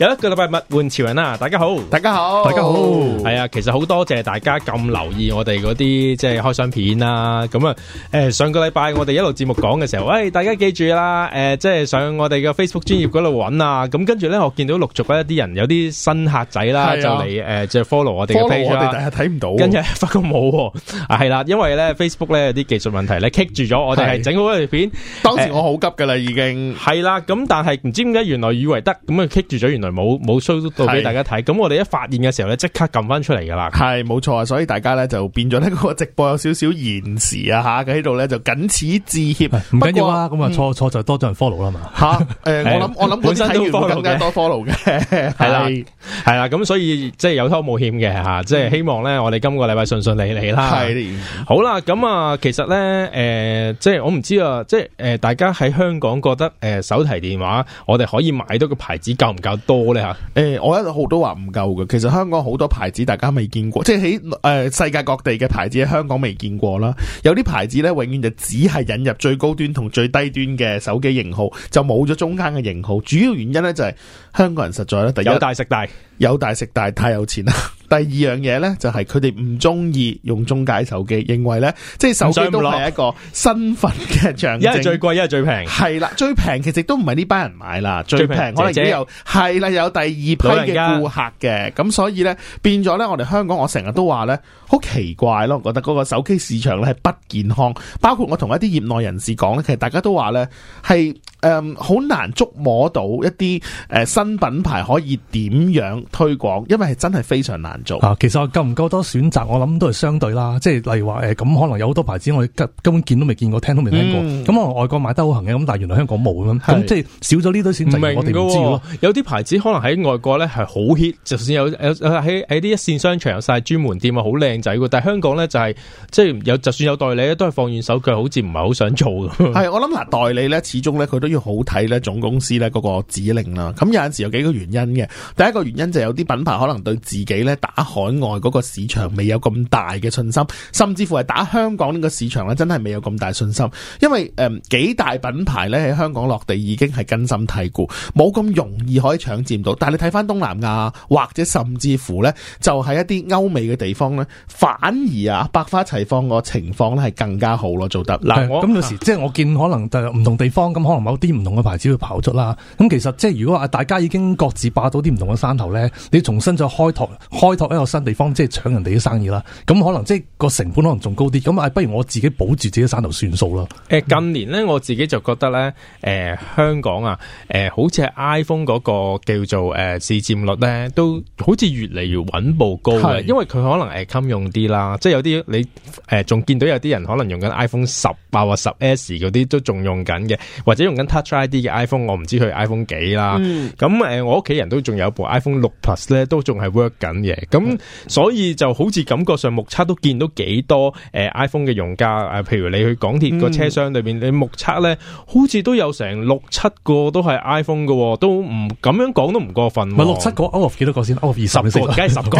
有一個禮拜物玩潮人啦，大家好，大家好，大家好，係啊，其實好多謝大家咁留意我哋嗰啲即係開箱片啦，咁啊，誒、呃、上個禮拜我哋一路節目講嘅時候，喂、哎，大家記住啦，誒、呃，即係上我哋嘅 Facebook 專頁嗰度揾，啊，咁、嗯嗯、跟住咧，我見到陸續一啲人有啲新客仔啦、啊啊呃，就嚟誒即 follow 我哋嘅 page，我哋第日睇唔到、啊，跟住發覺冇、啊，喎。係啦，因為咧 Facebook 咧有啲技術問題咧，kick 住咗我哋係整好嗰條片，當時我好急噶啦，已經係啦，咁、呃啊、但係唔知點解，原來以為得，咁啊 kick 住咗，原來。冇冇 show 到俾大家睇，咁我哋一發現嘅時候咧，即刻撳翻出嚟噶啦。係冇錯，所以大家咧就變咗呢個直播有少少延時啊吓，喺度咧就僅此致歉。唔緊要啊，咁啊，錯錯就多咗人 follow 啦嘛。吓，誒，我諗我諗本身都多 follow 嘅，係啦，係啦，咁所以即係有偷冇險嘅吓，即係希望咧，我哋今個禮拜順順利利啦。係好啦，咁啊，其實咧，誒，即係我唔知啊，即係誒，大家喺香港覺得誒手提電話，我哋可以買到個牌子夠唔夠多？我咧吓，誒，我一路好多話唔夠嘅。其實香港好多牌子，大家未見過，即係喺誒世界各地嘅牌子喺香港未見過啦。有啲牌子呢，永遠就只係引入最高端同最低端嘅手機型號，就冇咗中間嘅型號。主要原因呢就係香港人實在咧，第一有大食大，有大食大太有錢啦。第二樣嘢呢，就係佢哋唔中意用中介手機，認為呢，即係手機都係一個身份嘅象徵。一係 最貴，一係最平。係啦，最平其實都唔係呢班人買啦，最平可能佢有係姐啦，有第二批嘅顧客嘅，咁所以呢，變咗呢，我哋香港，我成日都話呢，好奇怪咯，我覺得嗰個手機市場呢，係不健康。包括我同一啲業內人士講呢，其實大家都話呢。係。誒，好、嗯、難捉摸到一啲誒、呃、新品牌可以點樣推廣，因為係真係非常難做。啊、其實我夠唔夠多選擇，我諗都係相對啦。即係例如話誒，咁、呃、可能有好多牌子我根本見都未見過，聽都未聽過。咁、嗯、我外國買得好行嘅，咁但係原來香港冇咁。咁是即係少咗呢堆選擇，哦、我哋都知道。有啲牌子可能喺外國咧係好 hit，就算有喺喺啲一線商場有晒專門店啊，好靚仔喎。但係香港咧就係、是、即係有，就算有代理都係放軟手腳，好似唔係好想做。係我諗嗱、呃，代理咧始終咧佢都。要好睇咧，總公司咧嗰個指令啦。咁有陣時有幾個原因嘅。第一個原因就有啲品牌可能對自己咧打海外嗰個市場未有咁大嘅信心，甚至乎係打香港呢個市場咧，真係未有咁大信心。因為誒幾大品牌咧喺香港落地已經係根深蒂固，冇咁容易可以搶佔到。但係你睇翻東南亞或者甚至乎咧，就係一啲歐美嘅地方咧，反而啊百花齊放個情況咧係更加好咯，做得嗱。咁有時即係、啊、我見可能就唔同地方咁可能某。啲唔同嘅牌子去跑出啦，咁其實即係如果啊大家已經各自霸到啲唔同嘅山頭咧，你要重新再開拓開拓一個新地方，即係搶人哋啲生意啦。咁可能即係個成本可能仲高啲，咁啊不如我自己保住自己嘅山頭算數咯。近年咧，我自己就覺得咧、呃，香港啊、呃，好似 iPhone 嗰個叫做誒、呃、市佔率咧，都好似越嚟越穩步高的因為佢可能誒襟用啲啦，即係有啲你仲見到有啲人可能用緊 iPhone 十啊十 S 嗰啲都仲用緊嘅，或者用緊。Touch ID 嘅 iPhone，我唔知佢 iPhone 幾啦。咁誒，我屋企人都仲有部 iPhone 六 Plus 咧，都仲係 work 緊嘅。咁所以就好似感覺上目測都見到幾多誒 iPhone 嘅用家。誒，譬如你去港鐵個車廂裏邊，你目測咧，好似都有成六七個都係 iPhone 嘅，都唔咁樣講都唔過分。咪六七個，out of 幾多個先？out of 二十個，梗係十個，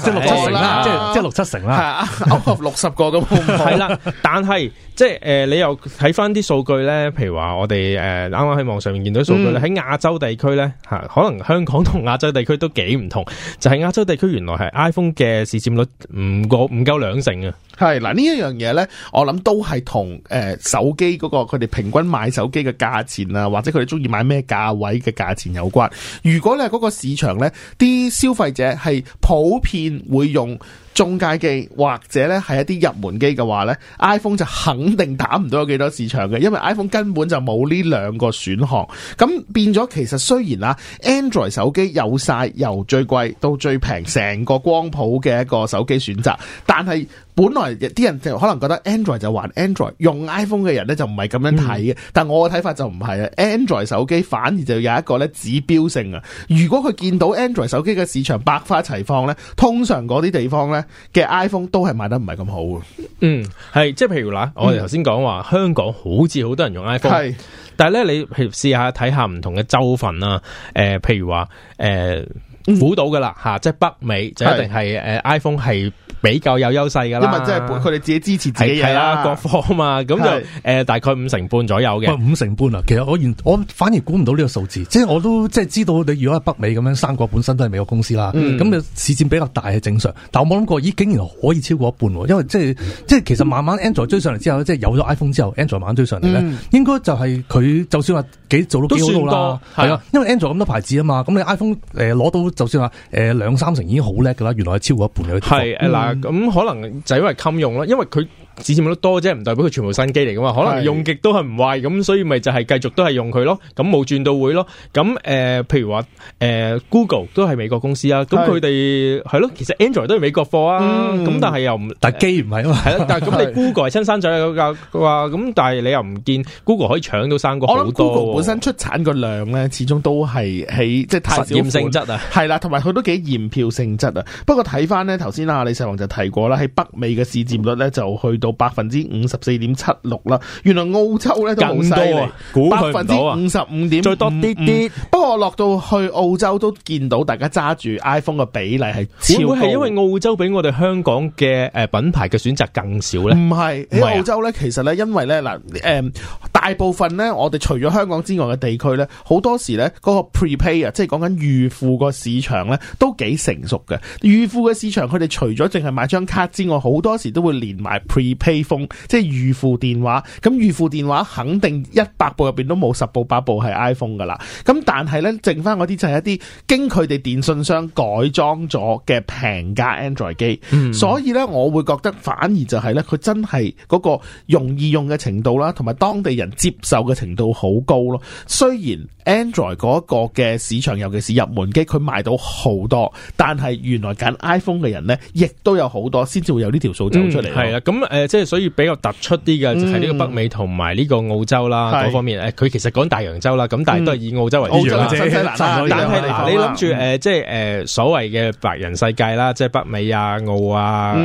即係六七成啦，即係即係六七成啦。out of 六十個咁，係啦。但係即係誒，你又睇翻啲數據咧，譬如話我哋。誒，啱啱喺網上面見到啲數據咧，喺、嗯、亞洲地區咧嚇，可能香港同亞洲地區都幾唔同，就係、是、亞洲地區原來係 iPhone 嘅市佔率唔過唔夠兩成嘅。係嗱，呢一樣嘢呢，我諗都係同誒手機嗰個佢哋平均買手機嘅價錢啊，或者佢哋中意買咩價位嘅價錢有關。如果呢嗰個市場呢，啲消費者係普遍會用中階機或者呢係一啲入門機嘅話呢 iPhone 就肯定打唔到有幾多市場嘅，因為 iPhone 根本就冇呢兩個選項。咁變咗，其實雖然啦、啊，Android 手機有晒由最貴到最平成個光譜嘅一個手機選擇，但係。本來啲人就可能覺得 Android 就玩 Android，用 iPhone 嘅人咧就唔係咁樣睇嘅。嗯、但我嘅睇法就唔係啦，Android 手機反而就有一個咧指標性啊。如果佢見到 Android 手機嘅市場百花齊放咧，通常嗰啲地方咧嘅 iPhone 都係賣得唔係咁好嘅。嗯，係即係譬如嗱，嗯、我哋頭先講話香港好似好多人用 iPhone，係是，但係咧你試下睇下唔同嘅州份啊，誒、呃，譬如話誒，虎島噶啦吓，嗯、即係北美，是一定係誒 iPhone 係。比較有優勢噶啦，因為即係佢哋自己支持自己嘅嘢啦，各方啊嘛，咁就誒是、呃、大概五成半左右嘅，五成半啦、啊、其實我原我反而估唔到呢個數字，即係我都即係知道你如果喺北美咁樣，三國本身都係美國公司啦，咁你、嗯、市佔比較大係正常，但我冇諗過咦竟然可以超過一半、啊，因為即係即係其實慢慢 Android 追上嚟之後，即係有咗 iPhone 之後，Android 慢慢追上嚟咧，嗯、應該就係佢就算話幾做到幾好係啊，因為 Android 咁多牌子啊嘛，咁你 iPhone 誒、呃、攞到就算話誒兩三成已經好叻噶啦，原來係超過一半係是咁、嗯、可能就因為襟用啦，因為佢。市佔率多啫，唔代表佢全部新機嚟噶嘛？可能用極都係唔壞咁，所以咪就係繼續都係用佢咯。咁冇轉到會咯。咁誒，譬如話誒，Google 都係美國公司啊。咁佢哋係咯，其實 Android 都係美國貨啊。咁但係又唔但係機唔係啊嘛。但係咁你 Google 係親生仔啊嘛。咁但係你又唔見 Google 可以搶到三個好多。我諗 Google 本身出產個量咧，始終都係喺即係太，實驗性質啊。係啦，同埋佢都幾驗票性質啊。不過睇翻咧頭先啊，李世宏就提過啦，喺北美嘅市佔率咧就去到，百分之五十四點七六啦，原來澳洲咧都好犀利，百分之五十五點，啊、55. 最多啲啲。不過落到去澳洲都見到大家揸住 iPhone 嘅比例係，會唔會係因為澳洲比我哋香港嘅誒品牌嘅選擇更少咧？唔係喺澳洲咧，其實咧因為咧嗱，誒大部分咧我哋除咗香港之外嘅地區咧，好多時咧嗰個 prepay 啊，pay，即係講緊預付個市場咧，都幾成熟嘅。預付嘅市場佢哋除咗淨係買張卡之外，好多時都會連埋 pre。披風即係預付電話，咁預付電話肯定一百部入邊都冇十部八部係 iPhone 噶啦。咁但係呢，剩翻嗰啲就係一啲經佢哋電信商改裝咗嘅平價 Android 機。嗯、所以呢，我會覺得反而就係呢，佢真係嗰個容易用嘅程度啦，同埋當地人接受嘅程度好高咯。雖然 Android 嗰個嘅市場，尤其是入門機，佢賣到好多，但係原來揀 iPhone 嘅人呢，亦都有好多，先至會有呢條數走出嚟。係咁、嗯即係所以比較突出啲嘅就係呢個北美同埋呢個澳洲啦，嗰方面誒，佢其實講大洋洲啦，咁但係都係以澳洲為主啦。但係你諗住誒，即係誒所謂嘅白人世界啦，即係北美啊、澳啊、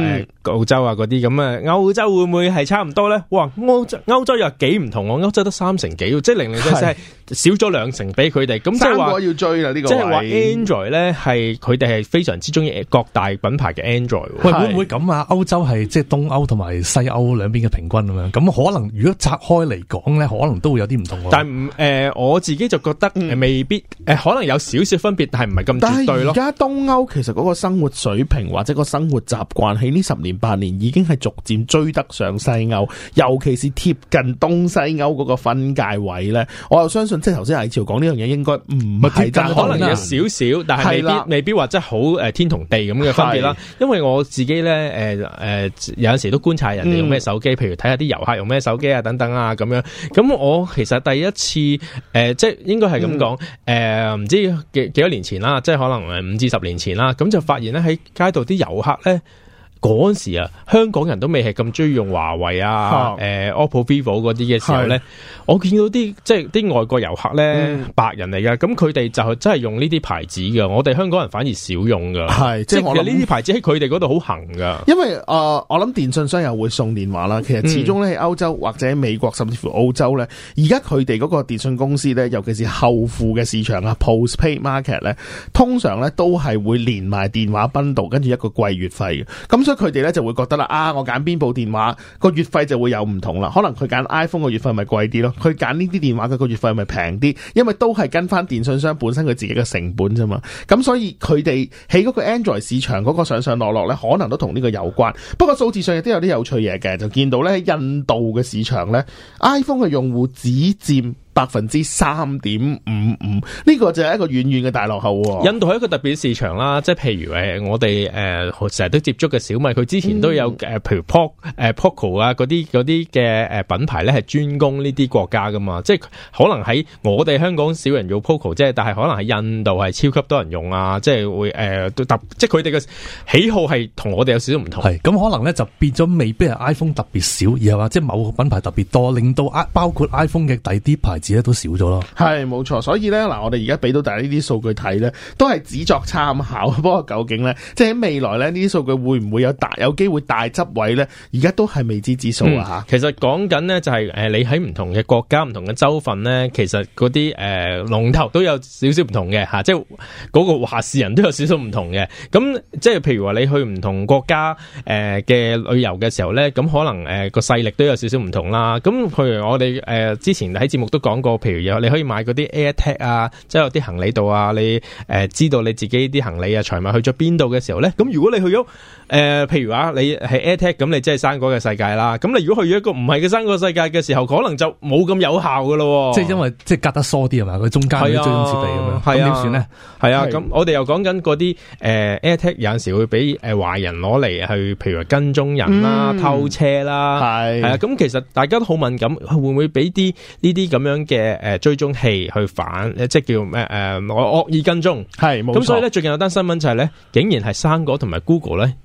澳洲啊嗰啲咁啊，歐洲會唔會係差唔多咧？哇，歐洲歐洲又幾唔同喎，歐洲得三成幾，即係零零七七少咗兩成俾佢哋，咁即係話要追啦呢個。即係話 Android 咧，係佢哋係非常之中意各大品牌嘅 Android。喂，會唔會咁啊？歐洲係即係東歐同埋。西歐兩邊嘅平均咁樣，咁可能如果拆開嚟講咧，可能都會有啲唔同。但係唔、呃、我自己就覺得未必、呃、可能有少少分別，但係唔係咁絕對咯。而家東歐其實嗰個生活水平或者個生活習慣，喺呢十年八年已經係逐漸追得上西歐，尤其是貼近東西歐嗰個分界位咧，我又相信即係頭先阿李潮講呢樣嘢應該唔係真，可能但有少少，但係未必是的未必話真好、呃、天同地咁嘅分別啦。的因為我自己咧誒、呃呃、有陣時都觀察。人哋用咩手機？譬如睇下啲遊客用咩手機啊，等等啊，咁樣。咁我其實第一次，呃、即係應該係咁講，誒、呃，唔知幾幾多年前啦，即係可能五至十年前啦，咁就發現咧喺街度啲遊客咧。嗰陣時啊，香港人都未係咁追用華為啊、誒、嗯、OPPO、呃、VIVO 嗰啲嘅時候咧，我見到啲即係啲外國遊客咧，嗯、白人嚟㗎。咁佢哋就真係用呢啲牌子㗎。我哋香港人反而少用嘅，係即係呢啲牌子喺佢哋嗰度好行噶。因為啊、呃，我諗電信商又會送電話啦。其實始終咧喺歐洲或者美國、嗯、甚至乎澳洲咧，而家佢哋嗰個電信公司咧，尤其是後付嘅市場啊，Postpaid Market 咧，通常咧都係會連埋電話賓道跟住一個季月費嘅，咁所佢哋咧就會覺得啦，啊，我揀邊部電話個月費就會有唔同啦。可能佢揀 iPhone 嘅月費咪貴啲咯，佢揀呢啲電話佢個月費咪平啲，因為都係跟翻電信商本身佢自己嘅成本啫嘛。咁所以佢哋喺嗰個 Android 市場嗰個上上落落咧，可能都同呢個有關。不過數字上亦都有啲有趣嘢嘅，就見到咧印度嘅市場咧，iPhone 嘅用戶只佔，百分之三點五五，呢、這個就係一個遠遠嘅大落後、啊。印度係一個特別市場啦，即係譬如誒，我哋誒成日都接觸嘅小米，佢之前都有誒，譬、嗯、如 Poco 誒 Poco 啊，嗰啲嗰啲嘅誒品牌咧係專攻呢啲國家噶嘛，即係可能喺我哋香港少人用 Poco，即係，但係可能喺印度係超級多人用啊，即係會誒、呃、特，即係佢哋嘅喜好係同我哋有少少唔同。係咁可能咧就變咗未必係 iPhone 特別少，而係話即係某個品牌特別多，令到包括 iPhone 嘅第啲牌子。都少咗咯，係冇錯，所以咧嗱，我哋而家俾到大家呢啲數據睇咧，都係只作參考。不過究竟咧，即係喺未來咧，呢啲數據會唔會有大有機會大執位咧？而家都係未知之數啊！吓、嗯，其實講緊咧就係誒，你喺唔同嘅國家、唔同嘅州份咧，其實嗰啲誒龍頭都有少少唔同嘅吓，即係嗰個話事人都有少少唔同嘅。咁即係譬如話你去唔同國家誒嘅、呃、旅遊嘅時候咧，咁可能誒個勢力都有少少唔同啦。咁譬如我哋誒、呃、之前喺節目都講。講過，譬如有你可以買嗰啲 AirTag 啊，即、就、係、是、有啲行李度啊，你誒、呃、知道你自己啲行李啊、財物去咗邊度嘅時候咧，咁如果你去咗誒、呃，譬如話、啊、你係 AirTag，咁你即係生果嘅世界啦。咁你如果去咗一個唔係嘅生果世界嘅時候，可能就冇咁有，有效噶咯、啊。即係因為即係隔得疏啲啊嘛，佢中間啲追蹤設備咁樣，係啊，咁點算咧？係啊，咁我哋又講緊嗰啲誒、呃、AirTag 有陣時候會俾誒壞人攞嚟去，譬如跟蹤人啦、嗯、偷車啦，係係是啊。咁其實大家都好敏感，會唔會俾啲呢啲咁樣？嘅誒，追蹤器去反，即係叫咩誒、呃、惡惡意跟蹤，係，咁所以咧最近有單新聞就係、是、咧，竟然係生果同埋 Google 咧。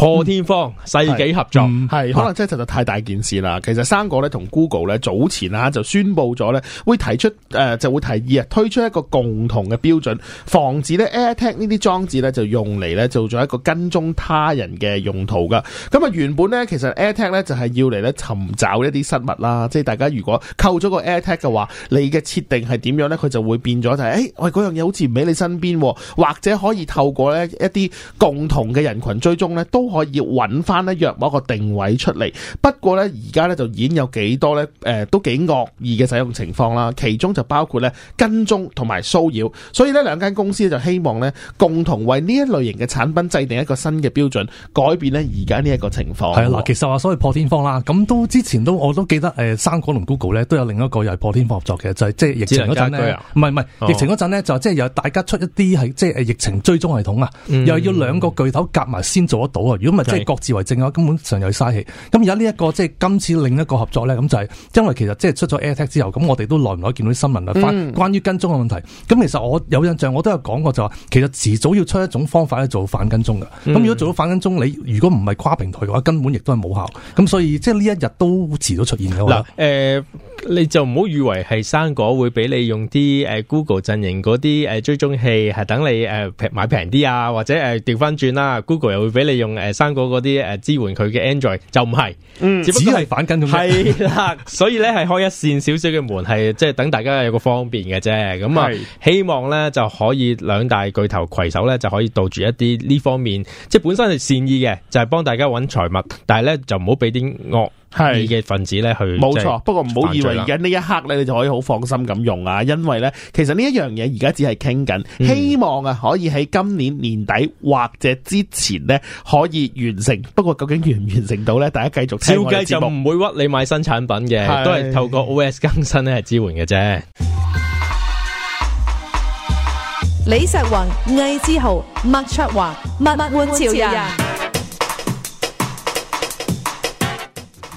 破天荒世紀合作，係可能真係實在太大件事啦。其實生果咧同 Google 咧早前啊就宣布咗咧會提出誒、呃、就會提議啊推出一個共同嘅標準，防止咧 AirTag 呢啲裝置咧就用嚟咧做咗一個跟蹤他人嘅用途㗎。咁啊原本咧其實 AirTag 咧就係要嚟咧尋找一啲失物啦，即係大家如果扣咗個 AirTag 嘅話，你嘅設定係點樣咧？佢就會變咗就係、是、誒、欸、喂嗰樣嘢好似唔喺你身邊，或者可以透過咧一啲共同嘅人群追蹤咧都。可以揾翻呢約某一個定位出嚟，不過咧而家咧就已經有幾多咧誒、呃、都幾惡意嘅使用情況啦。其中就包括咧跟蹤同埋騷擾，所以呢兩間公司就希望咧共同為呢一類型嘅產品制定一個新嘅標準，改變咧而家呢一個情況。係。嗱，其實話所謂破天荒啦，咁都之前都我都記得誒，生、呃、果同 Google 咧都有另一個又係破天荒合作嘅，就係即係疫情嗰陣，唔係唔係疫情嗰陣咧就即係又大家出一啲係即係誒疫情追蹤系統啊，嗯、又要兩個巨頭夾埋先做得到啊！如果唔係即係各自為政嘅話，根本上有嘥氣。咁而家呢一個即係今次另一個合作咧，咁就係因為其實即係出咗 AirTag 之後，咁我哋都耐唔耐見到啲新聞啦，關關於跟蹤嘅問題。咁、嗯、其實我有印象，我都有講過就話，其實遲早要出一種方法去做反跟蹤嘅。咁如果做到反跟蹤，你如果唔係跨平台嘅話，根本亦都係冇效。咁所以即係呢一日都遲早出現嘅。嗱，誒、呃，你就唔好以為係生果會俾你用啲 Google 陣營嗰啲追蹤器，係等你誒買平啲啊，或者誒調翻轉啦，Google 又會俾你用。誒，生果嗰啲誒支援佢嘅 Android 就唔係，嗯、只係反跟係啦， 所以咧係開一扇少少嘅門，係即係等大家有個方便嘅啫。咁啊，希望咧就可以兩大巨頭攜手咧就可以杜住一啲呢方面，即係本身係善意嘅，就係、是、幫大家揾財物，但係咧就唔好俾啲惡。係嘅分子咧錯，去冇錯。不過唔好以為而家呢一刻咧，你就可以好放心咁用啊！因為咧，其實呢一樣嘢而家只係傾緊，嗯、希望啊可以喺今年年底或者之前咧可以完成。不過究竟完唔完成到咧，大家繼續聽我哋嘅節目。照計就唔會屈你買新產品嘅，是都係透過 O S 更新咧係支援嘅啫。李石宏、魏之豪、麥卓華、麥麥換潮人。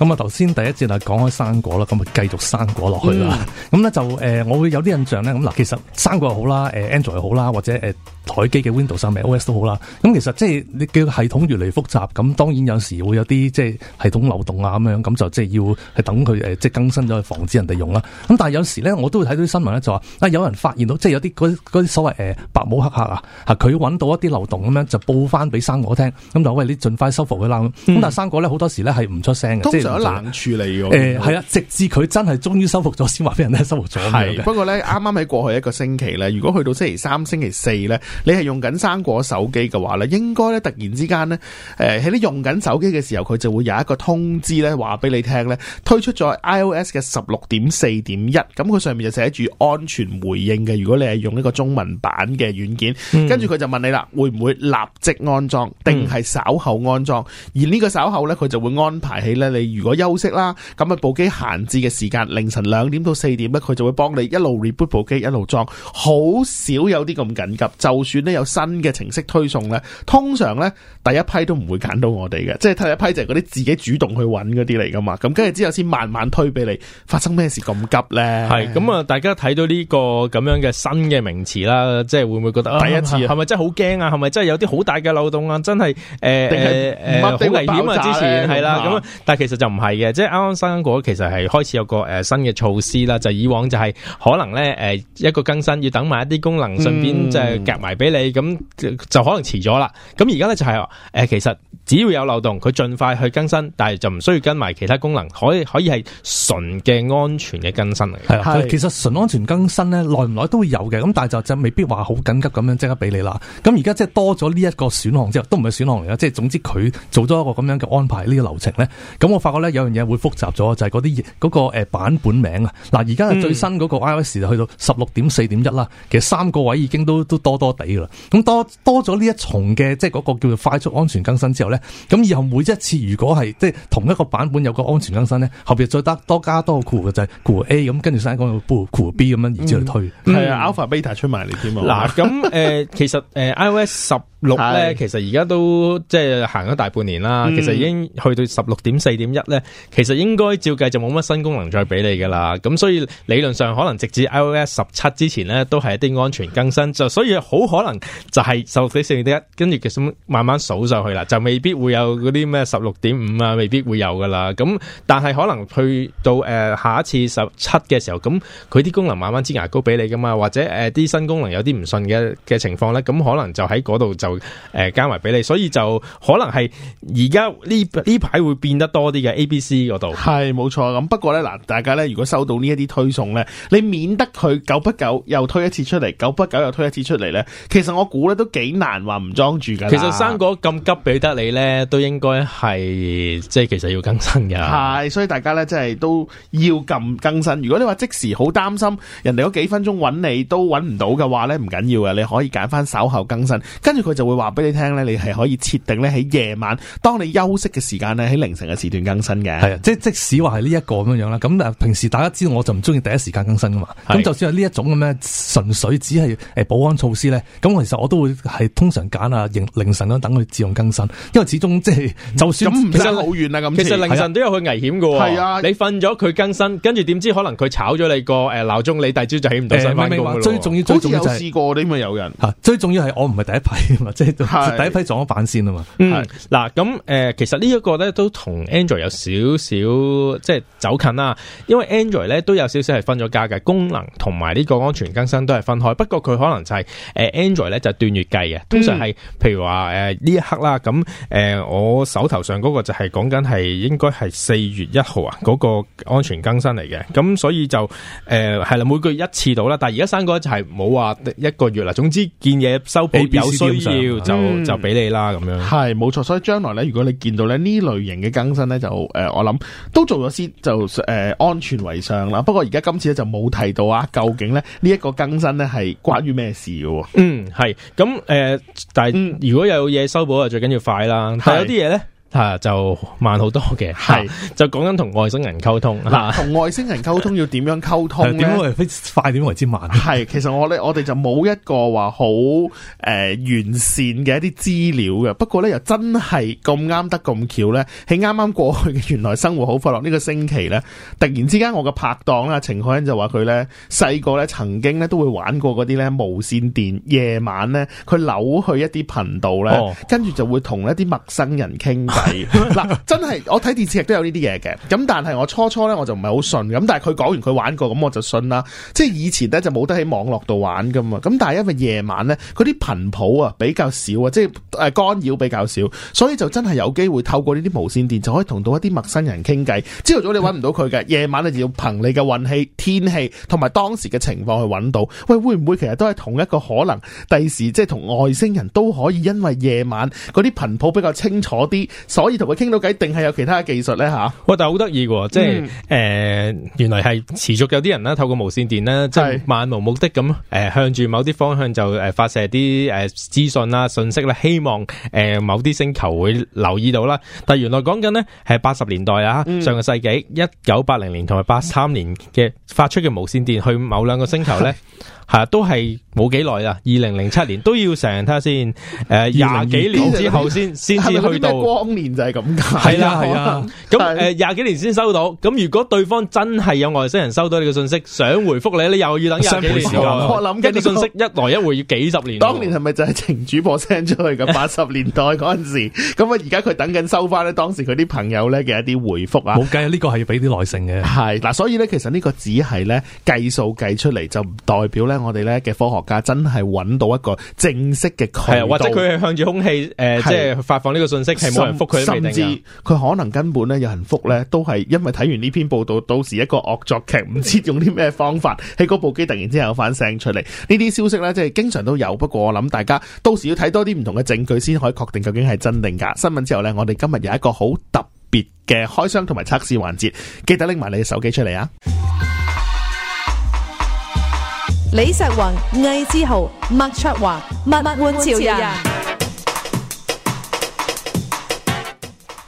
咁啊，頭先第一節啊，講開生果啦，咁啊，繼續生果落去啦。咁咧、嗯嗯、就誒、呃，我會有啲印象咧。咁嗱，其實生果又好啦，誒、呃、Android 又好啦，或者誒、呃、台機嘅 Windows 或者 OS 都好啦。咁、嗯、其實即係你嘅系統越嚟越複雜，咁當然有時會有啲即係系統漏洞啊咁樣，咁就即係要係等佢誒即係更新咗，去防止人哋用啦。咁但係有時咧，我都會睇到啲新聞咧，就話啊，有人發現到即係有啲嗰啲所謂誒、呃、白帽黑客啊，係佢揾到一啲漏洞咁樣就報翻俾生果聽，咁就喂，你盡快修復佢啦。咁、嗯、但係生果咧好多時咧係唔出聲嘅，通常 好難處理，誒係，直至佢真係終於修復咗，先話俾人咧修復咗咁嘅。不過咧，啱啱喺過去一個星期咧，如果去到星期三、星期四咧，你係用緊生果手機嘅話咧，應該咧突然之間咧，誒、呃、喺你用緊手機嘅時候，佢就會有一個通知咧，話俾你聽咧，推出咗 iOS 嘅十六點四點一，咁佢上面就寫住安全回應嘅。如果你係用呢個中文版嘅軟件，跟住佢就問你啦，會唔會立即安裝，定係稍後安裝？嗯、而呢個稍後咧，佢就會安排起咧你。如果休息啦，咁啊部機閒置嘅時間凌晨兩點到四點咧，佢就會幫你一路 reboot 部機，一路裝，好少有啲咁緊急。就算呢有新嘅程式推送咧，通常咧第一批都唔會揀到我哋嘅，即係第一批就係嗰啲自己主動去揾嗰啲嚟噶嘛。咁跟住之後先慢慢推俾你。發生咩事咁急咧？係咁啊！大家睇到呢、這個咁樣嘅新嘅名詞啦，即係會唔會覺得第一次？係咪真係好驚啊？係咪真係有啲好大嘅漏洞、呃呃、啊,啊？真係誒誒誒，好危險啊！之前係啦，咁但係其實又唔係嘅，即係啱啱生果，其實係開始有個誒、呃、新嘅措施啦。就以往就係可能咧誒、呃、一個更新要等埋一啲功能，順便即係夾埋俾你，咁就可能遲咗啦。咁而家咧就係、話、誒、呃、其實只要有漏洞，佢盡快去更新，但係就唔需要跟埋其他功能，可以可以係純嘅安全嘅更新嚟嘅。係、啊、所以其實純安全更新咧，耐唔耐都會有嘅。咁但係就就未必話好緊急咁樣即刻俾你啦。咁而家即係多咗呢一個選項之後都唔係選項嚟嘅。即係總之佢做咗一個咁樣嘅安排呢個流程咧。咁我發。我咧有樣嘢會複雜咗，就係嗰啲嗰個、呃、版本名啊！嗱，而家最新嗰個 iOS 就去到十六點四點一啦。其實三個位已經都都多多哋噶啦。咁多多咗呢一重嘅，即係嗰個叫做快速安全更新之後咧，咁以後每一次如果係即係同一個版本有個安全更新咧，後邊再得多加多個嘅就係酷 A 咁，跟住先講到酷 B 咁樣，而之去推。係、嗯、啊、嗯、，alpha beta 出埋嚟添。嗱咁誒，呃、 其實誒、呃、iOS 十六咧，對其實而家都即係、呃、行咗大半年啦。嗯、其實已經去到十六點四點一。咧，其實應該照計就冇乜新功能再俾你噶啦，咁所以理論上可能直至 iOS 十七之前呢，都係一啲安全更新就，所以好可能就係十六點四點一，跟住其實慢慢數上去啦，就未必會有嗰啲咩十六點五啊，未必會有噶啦，咁但係可能去到誒、呃、下一次十七嘅時候，咁佢啲功能慢慢支牙膏俾你噶嘛，或者誒啲、呃、新功能有啲唔順嘅嘅情況呢，咁可能就喺嗰度就誒、呃、加埋俾你，所以就可能係而家呢呢排會變得多啲嘅。A、B、C 嗰度係冇錯，咁不過呢，嗱，大家呢，如果收到呢一啲推送呢，你免得佢久不久又推一次出嚟，久不久又推一次出嚟呢，其實我估呢都幾難話唔裝住噶其實生果咁急俾得你呢，都應該係即係其實要更新噶。係，所以大家呢，真係都要撳更新。如果你話即時好擔心人哋嗰幾分鐘搵你都搵唔到嘅話呢，唔緊要嘅，你可以揀翻稍後更新，跟住佢就會話俾你聽呢，你係可以設定呢，喺夜晚，當你休息嘅時間呢，喺凌晨嘅時段更新。嘅係啊，即即使話係呢一個咁樣樣啦，咁啊平時大家知道我就唔中意第一時間更新噶嘛，咁的就算係呢一種咁嘅純粹只係誒保安措施咧，咁其實我都會係通常揀啊凌晨咧等佢自動更新，因為始終即係就算其實好遠啦，咁次其實凌晨都有佢危險噶，係啊的，你瞓咗佢更新，跟住點知可能佢炒咗你個誒鬧鐘，你第二朝就起唔到新，最重要、最重要係、就是、好似有試過啲有人、啊、最重要係我唔係第一批嘛，即係第一批撞咗板先啊嘛。嗱咁誒，其實這呢一個咧都同 Android 有。少少即係走近啦，因為 Android 咧都有少少係分咗家嘅功能同埋呢個安全更新都係分開，不過佢可能就係、是、誒、呃、Android 咧就係斷月計嘅，通常係譬如話誒呢一刻啦，咁誒、呃、我手頭上嗰個就係講緊係應該係四月一號啊嗰個安全更新嚟嘅，咁所以就誒係、呃、啦，每個月一次到啦，但係而家三個月就係冇話一個月啦，總之見嘢收，有需要就就俾你啦咁樣，係冇錯，所以將來咧如果你見到咧呢類型嘅更新咧就。誒、呃，我諗都做咗先，就、呃、誒安全為上啦。不過而家今次咧就冇提到啊，究竟咧呢一、這個更新咧係關於咩事嘅、啊？嗯，係咁誒，但係如果有嘢修補啊，就最緊要快啦。但係有啲嘢咧。係、啊、就慢好多嘅是、啊，就講緊同外星人溝通嗱，同是、啊、外星人溝通要點樣溝通呢？ 點為之快？點為之慢？其實我咧，我哋就冇一個話好誒完善嘅一啲資料嘅。不過咧，又真係咁啱得咁巧咧，喺啱啱過去嘅原來生活好快樂呢、呢個星期咧，突然之間我嘅拍檔啦，陳海欣就話佢咧細個咧曾經咧都會玩過嗰啲咧無線電，夜晚咧佢扭去一啲頻道咧，哦、跟住就會同一啲陌生人傾。 嗱， 真係我睇電視劇都有呢啲嘢嘅，咁但係我初初呢，我就唔係好信，咁但係佢講完佢玩過，咁我就信啦。即係以前呢，就冇得喺網絡度玩噶嘛，咁但係因為夜晚呢，嗰啲頻譜啊比較少啊，即係干擾比較少，所以就真係有機會透過呢啲無線電就可以同到一啲陌生人傾偈。朝頭早你揾唔到佢嘅，夜晚你就要憑你嘅運氣、天氣同埋當時嘅情況去揾到。喂，會唔會其實都係同一個可能？第時即係同外星人都可以，因為夜晚嗰啲頻譜比較清楚啲。所以同佢傾到偈定係有其他嘅技術咧吓？喂，但係好得意喎，即係誒、嗯呃，原來係持續有啲人啦，透過無線電咧，是即係漫無目的咁誒、呃，向住某啲方向就誒發射啲誒、呃、資訊啦、信息啦，希望誒、呃、某啲星球會留意到啦。但係原來講緊咧係八十年代啊，嗯、上個世紀一九八零年同埋八三年嘅發出嘅無線電去某兩個星球咧，吓 都係冇幾耐啊，二零零七年都要成睇下先，誒、呃、廿 20 2 幾年之後先先至去到。 就係咁解，係啦係啦，咁誒廿幾年先收到，咁如果對方真係有外星人收到你嘅信息，想回覆你，你又要等廿幾年。我諗緊信息一來一回要幾十年。當年係咪就係情主播 send 出去嘅？八十年代嗰陣時，咁啊而家佢等緊收翻呢當時佢啲朋友咧嘅一啲回覆啊。冇計呢個係要俾啲耐性嘅。係嗱，所以咧其實呢個只係咧計數計出嚟，就唔代表咧我哋咧嘅科學家真係揾到一個正式嘅渠道，或者佢係向住空氣誒，即係發放呢個信息，係冇人覆。甚至佢可能根本咧有人覆咧，都係因為睇完呢篇報道，到時一個惡作劇，唔知用啲咩方法喺嗰 部機突然之間有反聲出嚟。呢啲消息咧，即係經常都有。不過我諗大家到時要睇多啲唔同嘅證據，先可以確定究竟係真定假。新聞之後呢，我哋今日有一個好特別嘅開箱同埋測試環節，記得拎埋你嘅手機出嚟啊！李石宏、魏志豪、麥卓華、物玩潮人。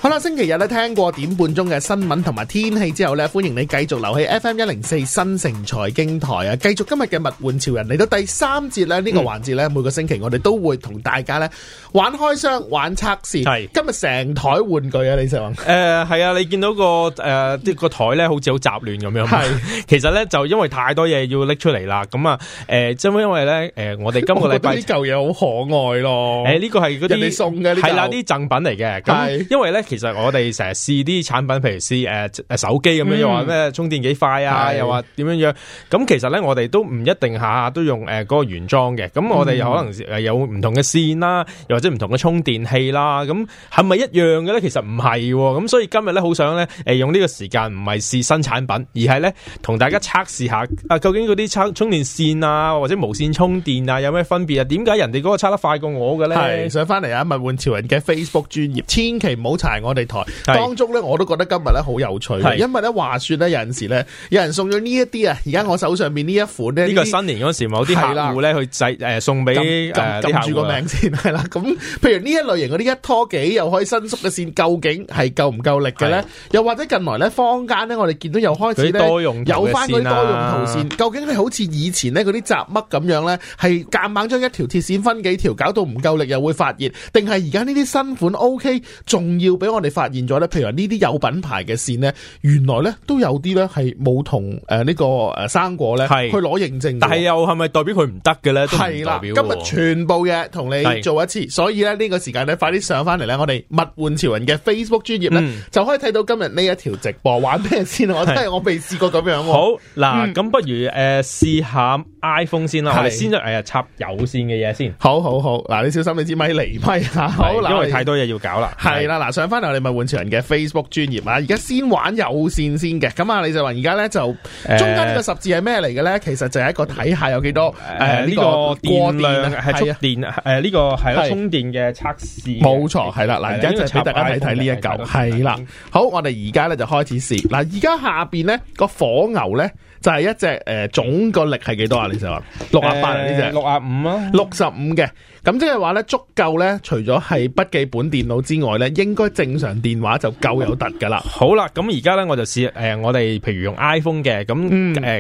好啦，星期日咧，聽過點半鐘嘅新聞同埋天氣之後咧，歡迎你繼續留喺 F M 一零四新城財經台啊！繼續今日嘅物玩潮人，嚟到第三節咧，這個、環節，呢個環節咧，嗯、每個星期我哋都會同大家咧玩開箱玩測試。係是今日成台玩具啊，你石宏。誒、呃，係啊，你見到個誒啲、呃、個台咧，好似好雜亂咁樣。係，其實咧就因為太多嘢要拎出嚟啦。咁啊，誒、呃，因因為咧，誒，我哋今個禮拜啲舊嘢好可愛咯。誒、呃，呢、這個係嗰啲送嘅，係啦、啊，啲贈品嚟嘅。係是、嗯，因為咧。其實我哋成日試啲產品，譬如試誒誒手機咁樣，又話咩充電幾快啊，嗯、又話點樣樣。咁其實咧，我哋都唔一定下，下都用誒嗰、呃嗰個原裝嘅。咁我哋又可能誒有唔同嘅線啦、啊，又或者唔同嘅充電器啦、啊。咁係咪一樣嘅咧？其實唔係、啊。咁所以今日咧，好想咧誒用呢個時間，唔係試新產品，而係咧同大家測試下啊，究竟嗰啲充電線啊，或者無線充電啊，有咩分別啊？點解人哋嗰個插得快過我嘅咧？係上翻嚟啊！物玩潮人嘅 Facebook 專頁，千祈唔好我哋台當中咧，我都覺得今日咧好有趣，因為咧話說咧有陣時咧，有人送咗呢一啲啊，而家我手上面呢一款呢，呢個新年嗰時某啲客戶咧啦去製誒、呃、送俾撳、呃、住個名先，係啦。咁譬如呢一類型嗰啲一拖幾又可以伸縮嘅線，究竟係夠唔夠力嘅咧？的又或者近來咧坊間咧，我哋見到又開始咧有翻啲多用途線,、啊、線，究竟係好似以前咧嗰啲雜乜咁樣咧，係夾硬將一條鐵線分幾條，搞到唔夠力又會發熱，定係而家呢啲新款 O K，仲要？所以我哋發現咗咧，譬如話呢啲有品牌嘅線咧，原來咧都有啲咧係冇同呢個誒生果咧，係去攞認證。但係又係咪代表佢唔得嘅咧？係啦，今日全部嘅同你做一次，的所以咧呢個時間咧快啲上翻嚟咧，我哋物玩潮人嘅 Facebook 專頁咧，嗯、就可以睇到今日呢一條直播玩咩先，我真係的我未試過咁樣。好嗱，咁、嗯、不如誒、呃、試下 iPhone 先啦，係的先誒、哎、插有線嘅嘢先。好好好，嗱你小心你支咪離咪，好，因為太多嘢要搞啦。係啦，嗱上翻。你咪換潮人嘅 Facebook 專業啊！而家先玩有線先嘅，咁啊，你就話而家咧就中間呢個十字係咩嚟嘅咧？呃、其實就係一個睇下有幾多誒呢、呃、個電量係、啊、充電誒呢個係啦充電嘅測試，冇錯係啦嗱，而家就請大家睇睇呢一嚿係啦，好，我哋而家咧就開始試嗱，而家下邊咧個火牛咧。就係一隻誒總個力係幾多啊？你就話六啊八嚟呢隻？六啊五咯，六十五嘅。咁即係話咧，足夠咧。除咗係筆記本電腦之外咧，應該正常電話就夠有突㗎啦。好啦，咁而家咧我就試誒我哋譬如用 iPhone 嘅咁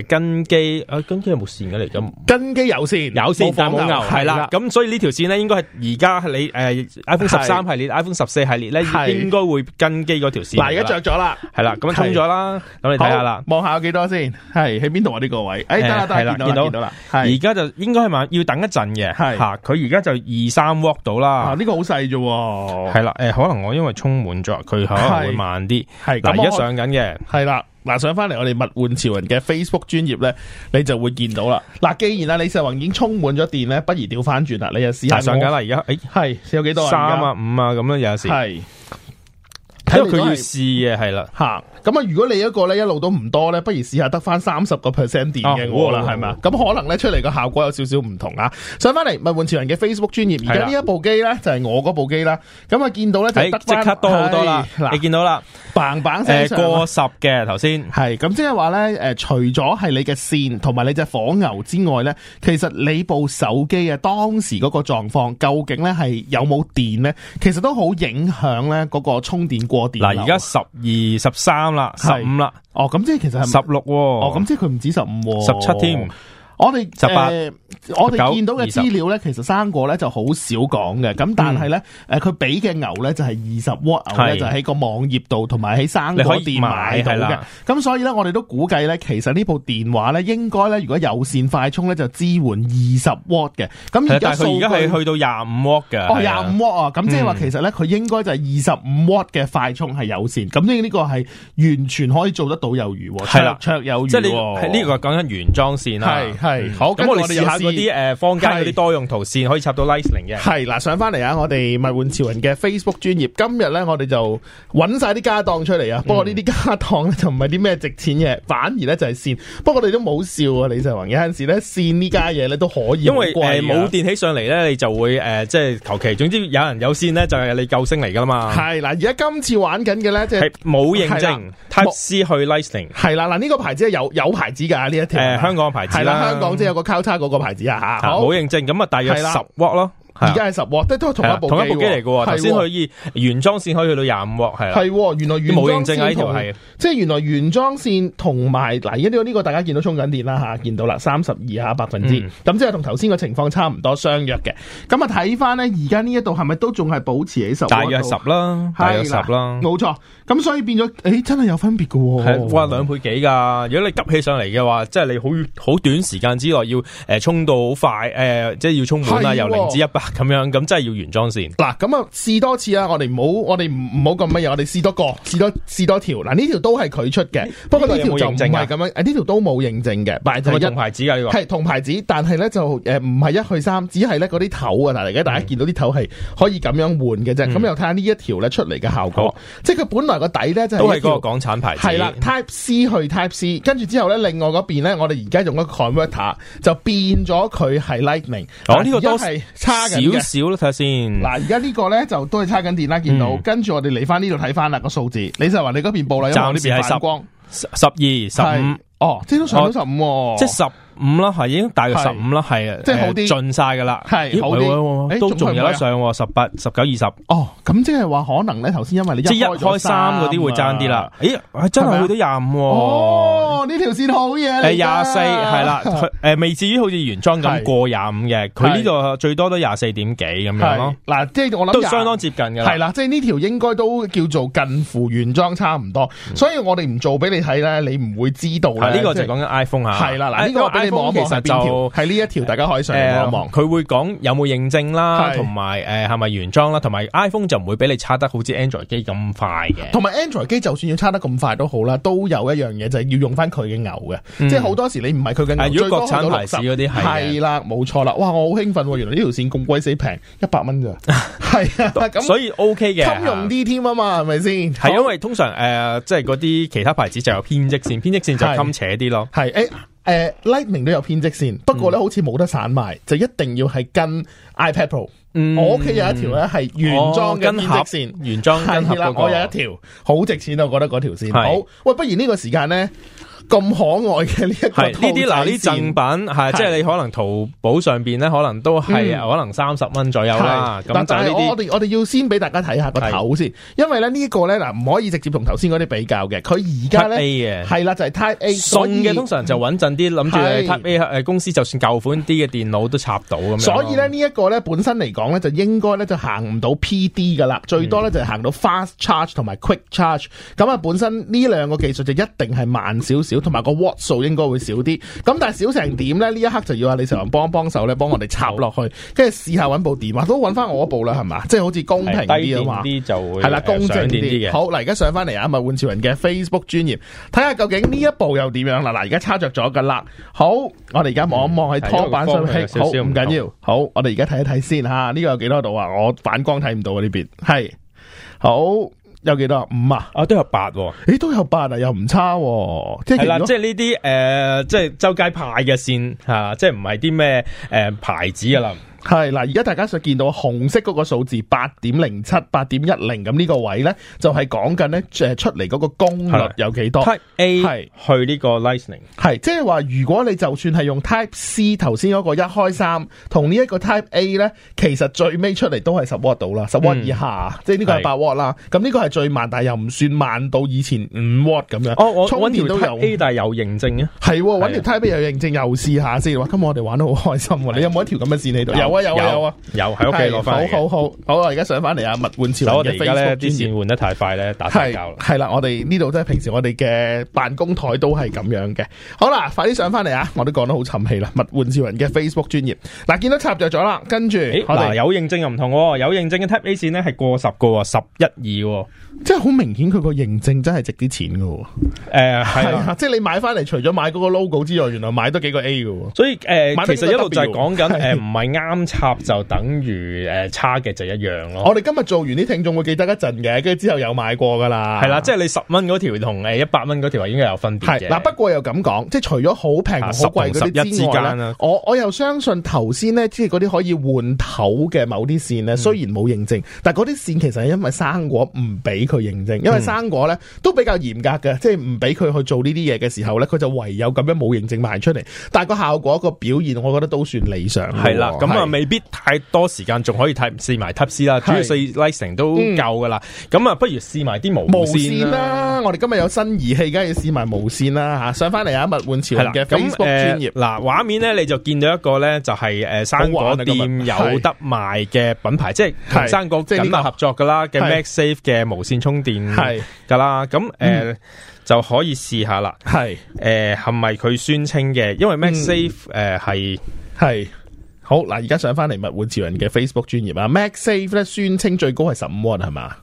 跟機，跟機有冇線嘅嚟㗎？跟機有線，有線冇牛，係啦。咁所以呢條線咧應該係而家你誒 iPhone 十三系列、iPhone 十四系列咧應該會跟機嗰條線。嗱而家着咗啦，係啦，咁樣充咗啦，咁你睇下啦，望下有幾多先係。喺邊度啊？呢個位，誒，得啦，得啦，見到見到啦，而家就應該係慢，要等一陣嘅，係吓，佢而家就二三 walk 到啦，呢個好細啫，係啦，誒，可能我因為充滿咗，佢可能會慢啲，係，嗱，而家上緊嘅，係啦，嗱，上翻嚟我哋物玩潮人嘅 Facebook 專頁咧，你就會見到啦，嗱，既然啊李世宏已經充滿咗電咧，不如調翻轉啊，你又試下上緊啦，而家，誒，係，有幾多三啊五啊咁樣有時，係。因為佢要試嘅係啦，吓咁啊！嗯、如果你一個咧一路都唔多咧，不如試下得翻三十個 percent 電嘅我啦，係嘛？咁可能咧出嚟個效果有少少唔同啊！上翻嚟物玩潮人嘅 Facebook 專頁，而家呢一部機咧就係我嗰部機啦。咁啊，見到咧就即刻、哎、多好多啦！是你見到啦，棒棒誒過十嘅頭先係咁，即係話咧誒，除咗係你嘅線同埋你隻火牛之外咧，其實你部手機呀，當時嗰個狀況究竟咧係有冇電咧？其實都好影響咧嗰個充電。嗱，而家十二十三啦，十五啦，哦，咁即係其實係十六喎，哦，咁即係佢唔止十五，十七添。我哋就八，我哋見到嘅資料咧，其實生果咧就好少講嘅。咁但係咧，誒佢俾嘅牛咧就係二十瓦牛咧，就喺個網頁度同埋喺生果店買到嘅。咁所以咧，我哋都估計咧，其實呢部電話咧應該咧，如果有線快充咧就支援二十瓦嘅。咁但係佢而家係去到廿五瓦嘅，哦廿五瓦啊！咁即係話其實咧，佢應該就係二十五瓦嘅快充係有線。咁呢呢個係完全可以做得到有餘，係啦，綽有餘。即係你呢個係講緊原裝線啦。係好，咁我哋試下嗰啲誒坊間嗰啲多用途線，是可以插到 Lightning 嘅。係嗱，上翻嚟啊！我哋物玩潮人嘅 Facebook 專頁，今日咧我哋就揾晒啲家當出嚟啊！嗯、不過呢啲家當咧就唔係啲咩值錢嘅，反而咧就係線。不過我哋都冇笑啊，李世宏有陣時咧線家呢家嘢咧都可以貴，因為冇、呃、電起上嚟咧，你就會、呃、即係求其。總之有人有線咧，就係你救星嚟噶啦嘛。係嗱，而家今次玩緊嘅咧，即係冇認證 Type C 去 Lightning。係啦，嗱呢個牌子係有有牌子㗎呢、啊、一條、啊呃、香港牌子啦。香港即係有個交叉嗰個牌子啊吓，好認證，咁啊，大約十鑊咯。而家係十鑊，即都係同一部同一部機嚟嘅。頭先可以原裝線可以去到廿五鑊，係。係，原來原裝線同係，即係原來原裝線同埋嗱。而家呢個呢個大家見到充緊電啦吓，見到啦三十二下百分之，咁即係同頭先個情況差唔多相約嘅。咁啊睇翻咧，而家呢一度係咪都仲係保持喺十？大約十啦，大約十啦，冇錯。咁所以變咗，誒真係有分別嘅。哇，兩倍幾噶？如果你急起上嚟嘅話，即係你好好短時間之內要誒充到好快，誒即係要充滿啦，由零至一百。咁樣咁真係要原裝線嗱，咁啊試多次啦，我哋唔好，我哋唔唔好咁乜嘢，我哋試多個，試多試多條嗱。呢條都係佢出嘅，不過呢條就唔係咁樣，呢條都冇認證嘅，係同牌子係同牌子，但係咧就誒唔係一去三，只係咧嗰啲頭啊！嗱，而家大家見到啲頭係可以咁樣換嘅啫。咁又睇下呢一條咧出嚟嘅效果，即係佢本來個底咧就都係嗰個港產牌子，係啦，Type C 去 Type C，跟住之後咧，另外嗰邊咧，我哋而家用一個 converter 就變咗佢係 Lightning。哦，呢個都係差。少少咯，睇下先。嗱，而家呢個咧就都係差緊電啦，見到，跟住我哋嚟翻呢度睇翻啦個數字。你就話，你嗰邊報啦，我呢邊係反光。十二、十五，哦，即係都上到十五。即係十五啦，係已經大約十五啦，係啊，即係好啲，盡晒噶啦，係好啲，都仲有得上。十八、十九、二十，哦，咁即係話可能咧，頭先因為你一開三嗰啲會爭啲啦。哎呀，真係去到廿五。呢條線好嘢，係廿四係啦，誒，未至於好似原裝咁過廿五嘅，佢呢度最多都廿四點幾咁樣咯。嗱，即係我諗都相當接近嘅，係啦，即係呢條應該都叫做近乎原裝差唔多，所以我哋唔做俾你睇咧，你唔會知道啦。呢個就係講緊 iPhone 吓，係啦，嗱，呢個 iPhone 其實就係呢一條，大家可以上嚟望一望，佢會講有冇認證啦，同埋誒係咪原裝啦，同埋 iPhone 就唔會俾你叉得好似 Android 機咁快嘅，同埋 Android 機就算要叉得咁快都好啦，都有一樣嘢就係要用翻。佢嘅牛嘅，即係好多時你唔係佢嘅，如果國產牌子嗰啲係，係啦，冇錯啦。哇，我好興奮，原來呢條線咁鬼死平，一百蚊咋？係啊，咁所以 OK 嘅，襟用啲添啊嘛，係咪先？係因為通常誒，即係嗰啲其他牌子就有編織線，編織線就襟扯啲咯。係誒誒，Lightning 都有編織線，不過咧好似冇得散賣，就一定要係跟 iPad Pro。我屋企有一條咧係原裝嘅編織線，原裝跟合嗰個。我有一條好值錢啊，我覺得嗰條線好。喂，不如呢個時間咧？咁可愛嘅呢一個呢啲嗱，啲贈品係即係你可能淘寶上邊咧，可能都係可能三十蚊左右啦。咁但係我哋我哋要先俾大家睇下個頭先，因為咧呢一個咧嗱，唔可以直接同頭先嗰啲比較嘅。佢而家咧係啦，就係 Type A 線嘅，通常就穩陣啲，諗住 Type A 誒，公司就算舊款啲嘅電腦都插到咁樣。所以咧呢一個咧本身嚟講咧就應該咧就行唔到 PD 噶啦，最多咧就行到 Fast Charge 同埋 Quick Charge。咁啊，本身呢兩個技術就一定係慢少少。同埋個 Watt 數應該會少啲，咁但係少成點咧？呢一刻就要阿李成云幫幫手咧，幫我哋插落去，跟住 好試下揾部電話，都揾翻我部 啦，係嘛、呃？即係好似公平啲啊嘛？係啦，公正啲嘅。好，嗱，而家上翻嚟啊，咪、就、換、是、潮人嘅 Facebook 專業，睇下究竟呢一部又點樣啦？嗱，而家叉着咗噶啦，好，我哋而家望一望喺、嗯、拖板上面，少少好唔緊要，好，我哋而家睇一睇先吓，呢、這個有幾多度啊？我反光睇唔到啊呢邊，係好。有幾多？五啊，啊都有八、啊，誒都有八啊，又唔差、啊。係啦，即係呢啲誒，即係周街派嘅線吓、啊，即係唔係啲咩誒牌子㗎喇。係嗱，而家大家就見到紅色嗰個數字八點零七、八點一零咁，呢個位咧，就係講緊咧誒出嚟嗰個功率有幾多。Type A 係去呢個 Lightning 係，即係話如果你就算係用 Type C 頭先嗰個一開三同呢一個 Type A 咧，其實最尾出嚟都係十 W 到啦，十 W 以下，嗯、即係呢個係八 W 啦。咁呢對個係最慢，但係又唔算慢到以前五 W 咁樣。哦，我揾條 Type A，但係又認證嘅。係揾條 Type A 又認證，又試下先。話今日我哋玩得好開心㗎、啊、你有冇一條咁嘅線喺度？ 有啊有喺屋企攞翻好好好，好啊，而家上翻嚟啊！物玩潮人嘅 Facebook 專頁，我哋而家啲線換得太快咧，打太交啦。係啦、啊，我哋呢度都係平時我哋嘅辦公台都係咁樣嘅。好啦，快啲上翻嚟啊！我都講得好沉氣啦，物玩潮人嘅 Facebook 專頁。嗱、啊，見到插着咗啦，跟住我哋有認證又唔同，有認證嘅、啊、Type A 線咧係過十個，十一二、啊，即係好明顯佢個認證真係值啲錢噶、啊。誒、欸，係、啊啊、即係你買翻嚟，除咗買嗰個 logo 之外，原來買多幾個 A 噶、啊。所以誒，呃、買 w，其實一路就係講緊誒，唔係啱。呃金插就等於誒、呃、差嘅就一樣咯。 我哋今日做完啲聽眾會記得一陣嘅，跟住之後有買過噶啦。係啦，即係你十蚊嗰條同誒一百蚊嗰條應該有分別嘅。嗱，不過又咁講，即係除咗好平好貴嗰啲之外咧，啊間啊、我我又相信頭先呢，即係嗰啲可以換頭嘅某啲線呢，雖然冇認證，嗯、但係嗰啲線其實係因為生果唔俾佢認證，因為生果呢都比較嚴格嘅，即係唔俾佢去做呢啲嘢嘅時候呢，佢就唯有咁樣冇認證賣出嚟。但係個效果、個表現，我覺得都算理想嘅。係啦，咁、嗯、啊。未必太多時間，仲可以睇試埋 Type C 啦，主要係 Lightning 都夠噶啦。咁啊，不如試埋啲無線啦。我哋今日有新儀器，梗係要試埋無線啦嚇。上翻嚟啊，物玩潮嘅 Facebook 專業嗱畫面咧，你就見到一個咧，就係誒生果店有得賣嘅品牌，即係生果即係點啊合作噶啦嘅 MagSafe 嘅無線充電噶啦，咁誒就可以試下啦。係誒係咪佢宣稱嘅？因為 MagSafe 誒係係。好，嗱，而家上翻嚟物玩潮人嘅 Facebook 專頁啊，MagSafe 咧宣稱最高係十五萬，係嘛？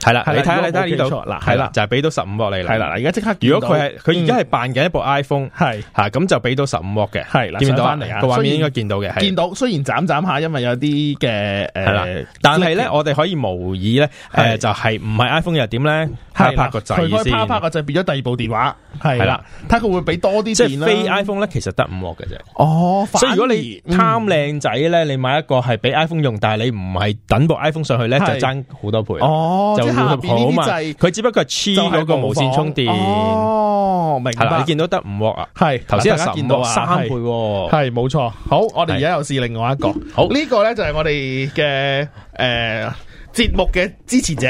係啦，你睇睇呢度啦，係啦，就係俾到十五 W 你啦。係啦，而家即刻，如果佢係佢而家係扮緊一部 iPhone，係吓咁就俾到十五 W 嘅。係見到翻嚟啊，畫面應該見到嘅。見到雖然斬斬下，因為有啲嘅誒，但係咧，我哋可以模擬咧，誒，就係唔係 iPhone 又點咧？啪啪個掣先，啪啪個掣，變咗第二部電話，係啦。睇下佢會俾多啲錢咧。即係非 iPhone 咧，其實得五 W 嘅啫。哦，所以如果你貪靚仔咧，你買一個係俾 iPhone 用，但係你唔係等部 iPhone 上去咧，就爭好多倍。哦。哦、就下邊呢啲佢只不過係黐嗰個無線充電。充電哦，明白。吧你見到得五鑊啊？係頭先有係十五鑊，三倍，啊。係冇錯。好，我哋而家又試另外一個。好，呢個咧就係我哋嘅誒節目嘅支持者。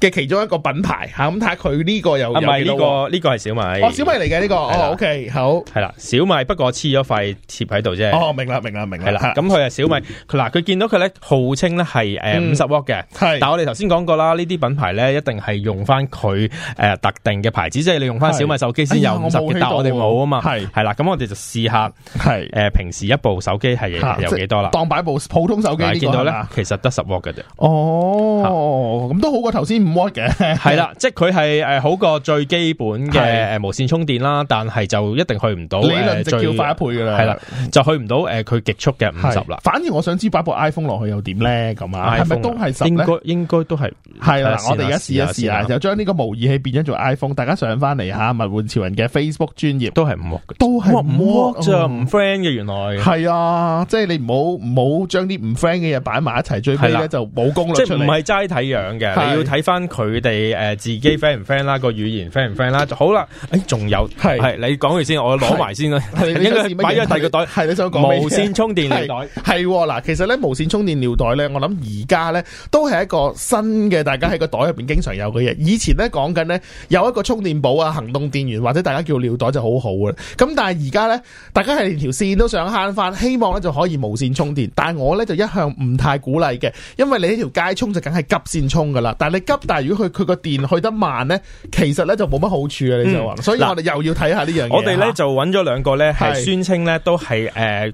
嘅其中一個品牌吓，咁睇下佢呢個有有幾多？呢個呢個係小米。哦，小米嚟嘅呢個。哦，OK，好。係啦，小米不過黐咗塊貼喺度啫。哦，明啦，明啦，明啦。咁佢係小米。佢嗱，佢見到佢咧，號稱咧係誒五十 W 嘅。係。但係我哋頭先講過啦，呢啲品牌咧一定係用翻佢誒特定嘅牌子，即係你用翻小米手機先有五十，但我哋冇啊嘛。係。係啦，咁我哋就試下，係誒平時一部手機係有幾多啦？當擺部普通手機見到咧，其實得十 W 嘅啫。哦，咁都好過頭先。嘅，係啦，即係佢係誒好過最基本嘅誒無線充電啦，但係就一定去唔到，理論值叫快一倍噶啦，係啦，就去唔到誒佢極速嘅五十啦。反而我想知擺部 iPhone 落去又點咧？咁啊，係咪都係十咧？應該應該都係，係啦。我哋而家試一試啊就將呢個模擬器變咗做 iPhone，大家上翻嚟吓物玩潮人嘅 Facebook 專頁，都係唔 work，都係唔 work 咋？唔 friend 嘅原來係啊，即係你唔好唔好將啲唔 friend 嘅嘢擺埋一齊，最尾咧就冇功率出嚟，即係唔係齋睇樣嘅，你要睇翻。佢哋誒自己 friend 唔 friend 啦，個語言 friend 唔 friend 啦，就好啦。誒，仲有係係，你講完先，我攞埋先啦。應該買咗第二個袋，係你想講無線充電尿袋？係嗱，其實咧無線充電尿袋咧，我諗而家咧都係一個新嘅，大家喺個袋入邊經常有嘅嘢。以前咧講緊咧有一個充電寶啊、行動電源或者大家叫尿袋就好好嘅。咁但係而家咧，大家係連條線都想慳翻，希望咧就可以無線充電。但係我咧就一向唔太鼓勵嘅，因為你呢條街充就梗係急線充噶啦，但係你急。但係如果佢佢個電去得慢咧，其實咧就冇乜好處啊。你就話，所以我哋又要睇下呢樣嘢。我哋咧就揾咗兩個咧係宣稱咧都係誒，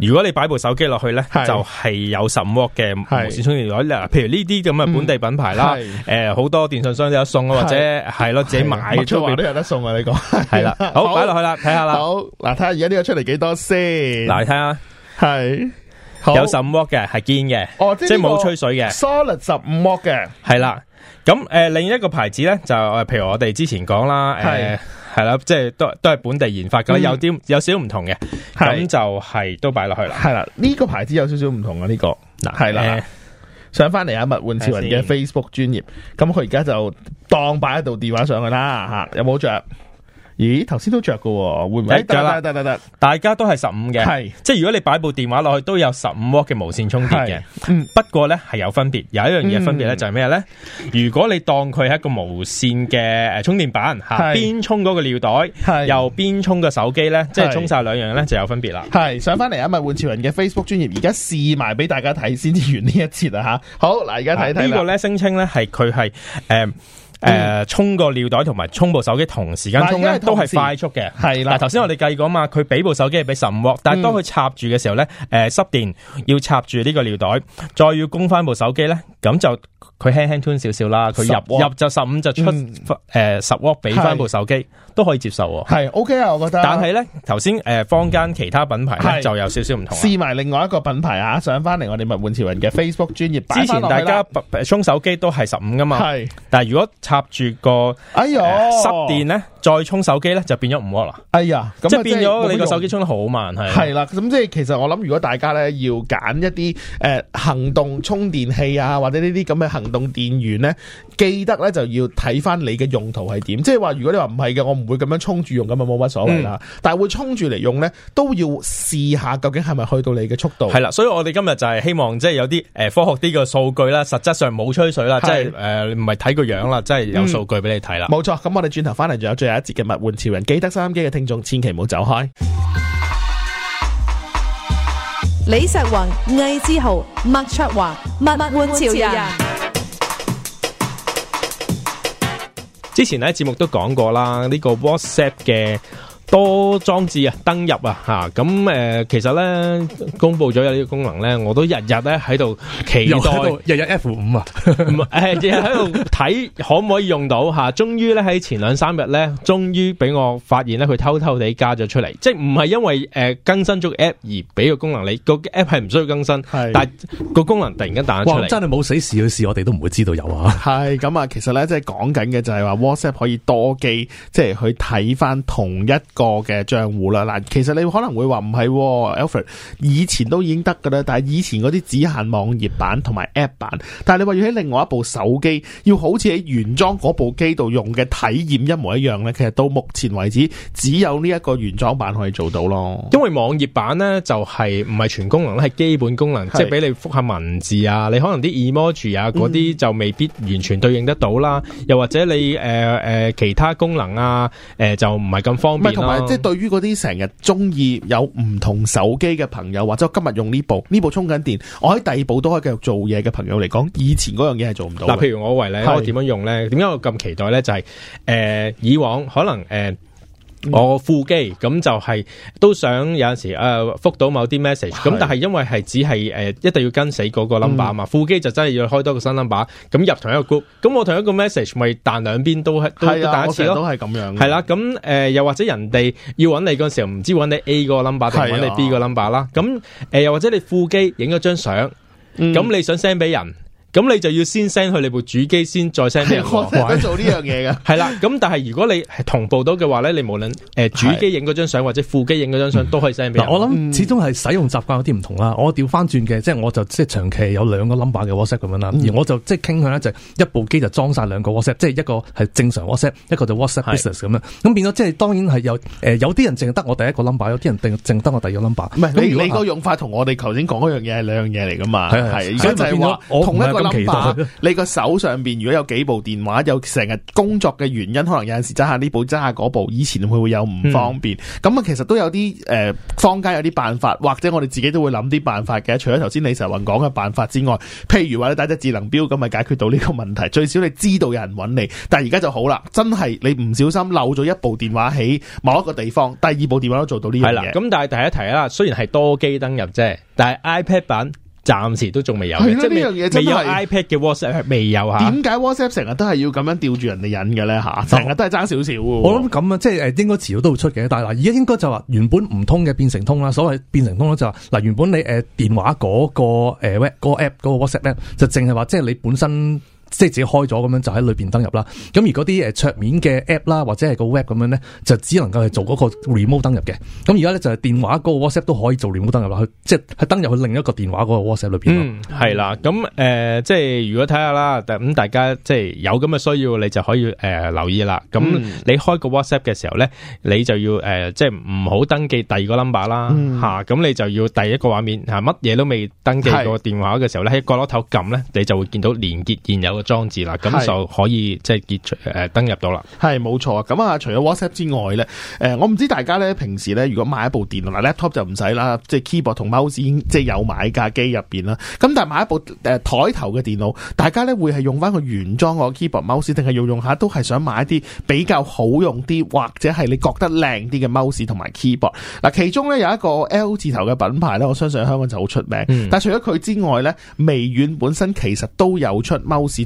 如果你擺部手機落去咧就係有十五 W 嘅無線充電。如果譬如呢啲咁嘅本地品牌啦，誒好多電信商都有送啊，或者係咯自己買出面都有得送啊！你講係啦，好擺落去啦，睇下啦，好嗱睇下而家呢個出嚟幾多先，嗱你睇下係有十五 W 嘅係堅嘅，即係冇吹水嘅，solid 十五 W 嘅係啦。咁誒、呃，另一個牌子咧就、呃、譬如我哋之前講啦，係係啦，即係都都係本地研發噶、嗯，有啲有少少唔同嘅，咁的就係都擺落去啦。係啦，呢、這個牌子有少少唔同、這個、啊，呢個係啦。呃、上返嚟阿物玩潮人嘅 Facebook 專頁，咁佢而家就當擺喺度電話上去啦，吓、啊、有冇着？咦，頭先都着喎，會唔會得得得，欸、大家都係十五嘅，係是即係如果你擺部電話落去都有十五 w 嘅無線充電嘅，是不過呢，係有分別，有一樣嘢分別呢，就係咩呢？如果你當佢係一個無線嘅充電板吓，邊是、啊、充嗰個尿袋，是又邊充個手機呢，是即係充晒兩樣呢，就有分別啦。係上翻嚟，阿物玩潮人嘅 Facebook 專頁，而家試埋俾大家睇先至完呢一節啊吓。好嗱，而家睇睇呢個呢，聲稱呢，係佢係誒。嗯誒，充個尿袋同埋充部手機，同時間充咧都係快速嘅。係啦，頭先我哋計過啊嘛，佢俾部手機係俾十五 w 但係當佢插住嘅時候咧，誒，濕電要插住呢個尿袋，再要供翻部手機咧，咁就佢輕輕吞少少啦。佢入入就十五就出，誒，十 w 俾翻部手機都可以接受。係 OK 啊，我覺得。但係咧，頭先誒，坊間其他品牌呢就有少少唔同。試埋另外一個品牌啊，上翻嚟我哋物玩潮人嘅 Facebook 專業版。之前大家充手機都係十五噶嘛。係，但係如果。插住個，哎呦，呃、失電咧、啊。再充手機咧，就變咗唔得啦。哎呀，咁、嗯、係是是變咗你個手機充得好慢，係。係啦的，咁即係其實我諗，如果大家咧要揀一啲誒、呃、行動充電器啊，或者呢啲咁嘅行動電源咧，記得咧就要睇翻你嘅用途係點。即係話如果你話唔係嘅，我唔會咁樣充住用咁啊，冇乜所謂啦。是的但係會充住嚟用咧，都要試一下究竟係咪去到你嘅速度。係啦，所以我哋今日就係希望即係有啲誒、呃、科學啲嘅數據啦，實質上冇吹水啦，是的即係誒唔係睇個樣啦，即係、嗯、有數據俾你睇啦。冇、嗯、錯，咁我哋轉頭翻嚟仲有最後一節嘅物玩潮人，記得收音機嘅聽眾，千祈唔好走開。李石宏、魏志豪、麥卓華、物物玩潮人。之前喺節目都講過啦，呢個 WhatsApp 嘅。多裝置啊，登入啊，吓咁誒，其實咧公布咗有呢個功能咧，我都日日咧喺度期待，日日 F 五啊，唔係日日喺度睇可唔可以用到吓、啊，終於咧喺前兩三日咧，終於俾我發現咧佢偷偷地加咗出嚟，即係唔係因為誒、呃、更新咗個 app 而俾個功能你、個 app 係唔需要更新，是但係個功能突然間彈出嚟，哇！真係冇死試去試，我哋都唔會知道有啊，係咁啊，其實咧即係講緊嘅就係話 WhatsApp 可以多機，即係去睇翻同一。個嘅賬戶啦，嗱，其實你可能會話唔係，Alfred 以前都已經得噶啦，但係以前嗰啲只限網頁版同埋 App 版，但係你話要喺另外一部手機，要好似喺原裝嗰部機度用嘅體驗一模一樣咧，其實到目前為止只有呢一個原裝版可以做到咯。因為網頁版咧就係唔係全功能啦，係基本功能，是即係俾你覆下文字啊，你可能啲 emoji 啊嗰啲就未必完全對應得到啦，嗯、又或者你誒誒、呃呃、其他功能啊，誒、呃、就唔係咁方便啦。即係對於嗰啲成日中意有唔同手機嘅朋友，或者我今日用呢部呢部充緊電，我喺第二部都可以繼續做嘢嘅朋友嚟講，以前嗰樣嘢係做唔到。嗱、啊，譬如我為咧，是我點樣用咧？點解我咁期待咧？就係、是、誒、呃，以往可能誒。呃我副機咁就係、是、都想有陣時誒覆、呃、到某啲 message，咁但係因為係只係誒、呃、一定要跟死嗰個 number 啊嘛，嗯、副機就真係要開多個新 number，咁入同一個 group，咁我同一個 message 咪彈兩邊都係都彈、啊、一次咯。啊，我哋都係咁樣。係、呃、啦，咁誒又或者人哋要揾你嗰陣時候，唔知揾你 A 個 number 定揾你 B 個 number 啦。咁誒、啊呃、又或者你副機影咗張相，咁、嗯、你想 send 俾人。咁你就要先 send 去你部主機先，再 send 俾我。做呢樣嘢嘅係啦。咁但係如果你係同步到嘅話咧，你無論誒主機影嗰張相或者副機影嗰張相都可以 send 俾我。我諗始終係使用習慣有啲唔同啦。我調翻轉嘅，即係我就即係長期有兩個 number 嘅 WhatsApp 咁樣啦。而我就即係傾向咧，就一部機就裝晒兩個 WhatsApp，即係一個係正常 WhatsApp，一個就 WhatsApp business 咁樣。咁變咗即係當然係有誒，有啲人淨係得我第一個 number，有啲人淨得我第二個 number。唔係，你個用法同我哋頭先講嗰樣嘢係兩樣嘢嚟噶嘛？係而家就變咗同一個。其實，你個手上邊如果有幾部電話，有成日工作嘅原因，可能有陣時揸下呢部，揸下嗰部。以前會會有唔方便，咁啊，其實都有啲誒，坊、呃、間有啲辦法，或者我哋自己都會諗啲辦法嘅。除咗頭先李成云講嘅辦法之外，譬如話你帶隻智能表咁咪解決到呢個問題。最少你知道有人揾你，但係而家就好啦。真係你唔小心漏咗一部電話喺某一個地方，第二部電話都做到呢樣嘢。咁但係第一題啦，雖然係多機登入啫，但係 iPad 版，暫時都仲未有，即咯呢樣嘢真係未有 iPad 嘅 WhatsApp 未有嚇。點解 WhatsApp 成日都係要咁樣吊住人哋癮嘅咧？成日都係爭少少。我諗咁樣即係誒應該遲早都會出嘅。但係嗱，而家應該就話原本唔通嘅變成通啦。所謂變成通咧，就話嗱，原本你誒、呃、電話嗰個嗰個 App 嗰個 WhatsApp 咧就淨係話即係你本身。即係自己開咗咁樣就喺裏面登入啦。咁而嗰啲誒桌面嘅 app 啦，或者係個 web 咁樣咧，就只能夠去做嗰個 remote 登入嘅。咁而家咧就係電話嗰個 WhatsApp 都可以做 remote 登入啦。佢即係喺登入去另一個電話嗰個 WhatsApp 裏邊咯。係啦、嗯。咁誒、呃，即係如果睇下啦，咁大家即係有咁嘅需要，你就可以誒、呃、留意啦。咁你開個 WhatsApp 嘅時候咧，你就要誒、呃、即係唔好登記第二個 number 啦。嚇、嗯，咁、啊、你就要第一個畫面乜嘢都未登記過電話嘅時候咧，喺的角落頭撳咧，你就會見到連結現有。個裝置啦，咁就可以即係結出誒登入到啦。係冇錯，咁啊除咗 WhatsApp 之外咧，誒、呃、我唔知大家咧平時咧如果買一部電腦，買 laptop 就唔使啦，就即係 keyboard 同 mouse 已經即係有買架機入邊啦。咁但係買一部誒、呃、枱頭嘅電腦，大家咧會係用翻個原裝個 keyboard mouse，定係用用下都係想買一啲比較好用啲，或者係你覺得靚啲嘅 mouse 同埋 keyboard，啊。嗱，其中咧有一個 L 字頭嘅品牌咧，我相信喺香港就好出名。嗯、但係除咗佢之外咧，微軟本身其實都有出 mouse。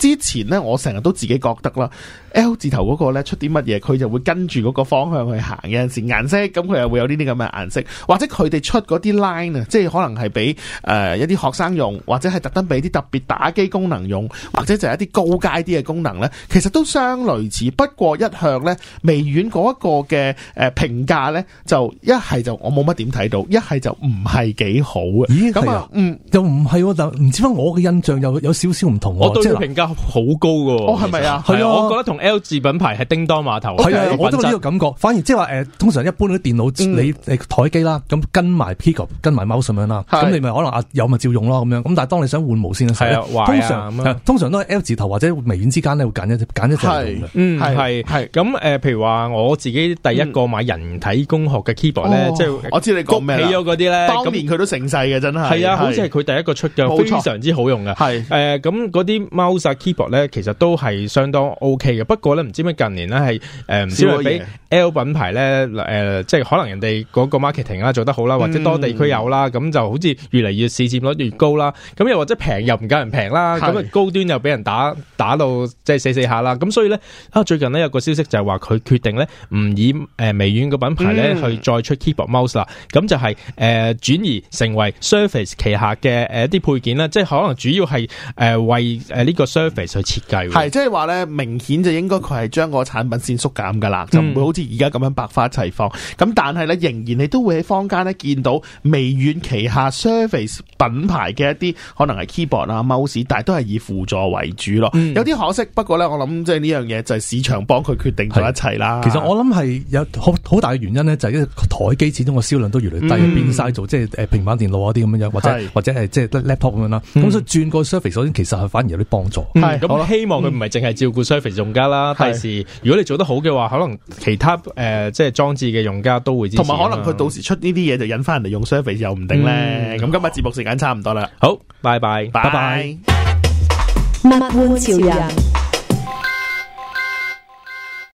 之前呢，我成日都自己覺得啦，L 字頭嗰個咧出啲乜嘢，佢就會跟住嗰個方向去行。有陣時顏色，咁佢又會有呢啲咁嘅顏色，或者佢哋出嗰啲 line 啊，即係可能係俾誒一啲學生用，或者係特登俾啲特別打機功能用，或者就係一啲高階啲嘅功能咧，其實都相類似。不過一向咧，微軟嗰一個嘅誒評價咧，就一係就我冇乜點睇到，一係就唔係幾好咦？咁就啊，嗯，就唔係喎、啊，就唔知點解我嘅印象又有，有少少唔同、啊。我對評價。好高嘅，哦係咪啊係啊，我覺得同 L 字品牌係叮噹碼頭，係啊，我都呢個感覺。反而即係話誒，通常一般啲電腦，你台機啦，咁跟埋 Keyboard 跟埋 Mouse 咁樣啦，咁你咪可能啊有咪照用咯咁樣。咁但係當你想換無線嘅時候，通常通常都係 L 字頭或者微軟之間咧會揀一揀一隻係嘅。嗯係係咁誒，譬如話我自己第一個買人體工學嘅 Keyboard 咧，即係我知你講咩起咗嗰啲咧，當年佢都成世嘅真係。係啊，好似係佢第一個出嘅，非常之好用嘅。係誒，咁嗰啲 Mouse。keyboard 咧其實都係相當 OK 嘅，不過咧唔知咩近年咧係誒唔知會俾 L 品牌咧誒、呃、即係可能人哋個 marketing 啦做得好啦，或者多地區有啦，咁、嗯、就好似越嚟越市佔率越高啦。咁又或者平又唔夠人平啦，咁是高端又俾人打打到即係四四下啦。咁所以咧啊，最近咧有個消息就係話佢決定咧唔以誒微軟個品牌咧去再出 keyboard mouse 啦、就是，咁就係誒轉移成為 Surface 旗下嘅誒一啲配件啦，即係可能主要係誒、呃、為誒呢個 Surface 肥水設計的，係即係話咧，明顯就應該佢係將個產品線縮減噶啦，就唔會好似而家咁樣百花齊放。咁、嗯、但係咧，仍然你都會喺坊間咧見到微軟旗下 Surface 品牌嘅一啲可能係 keyboard 啊 mouse，但係都係以輔助為主咯。嗯、有啲可惜，不過咧，我諗即係呢樣嘢就係市場幫佢決定咗一齊啦。其實我諗係有好好大嘅原因咧，就係因為台機始終個銷量都越嚟越低，變曬做即係誒平板電腦啊啲咁樣，或者是或者係即係得 laptop 咁樣啦。咁、嗯、所以轉個 Surface 首先其實係反而有啲幫助。係，咁、嗯嗯、我希望佢唔係淨係照顧 Surface 用家啦。第、嗯、時如果你做得好嘅話，可能其他誒、呃、即係裝置嘅用家都會知，同埋可能佢到時出呢啲嘢就引翻人哋用 Surface 又唔定咧。咁、嗯、今日節目時間差唔多啦，哦、好，拜拜，拜拜。物玩潮人。